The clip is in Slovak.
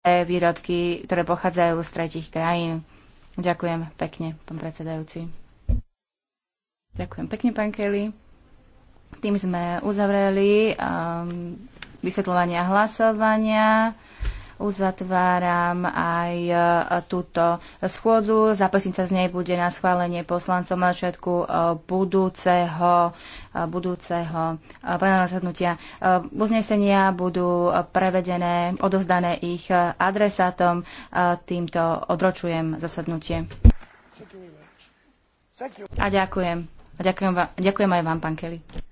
E výrobky, ktoré pochádzajú z tretich krajín. Ďakujem pekne, pán predsedajúci. Ďakujem pekne, pán Kelly. Tým sme uzavreli um, vysvetľovania hlasovania. Uzatváram aj e, túto schôdzu. sa z nej bude na schválenie poslancom na začiatku e, budúceho, e, budúceho plenárneho zhodnutia. Uznesenia budú prevedené, odovzdané ich adresátom. Týmto odročujem zasadnutie. A ďakujem. A ďakujem, vám, ďakujem aj vám, pán Kelly.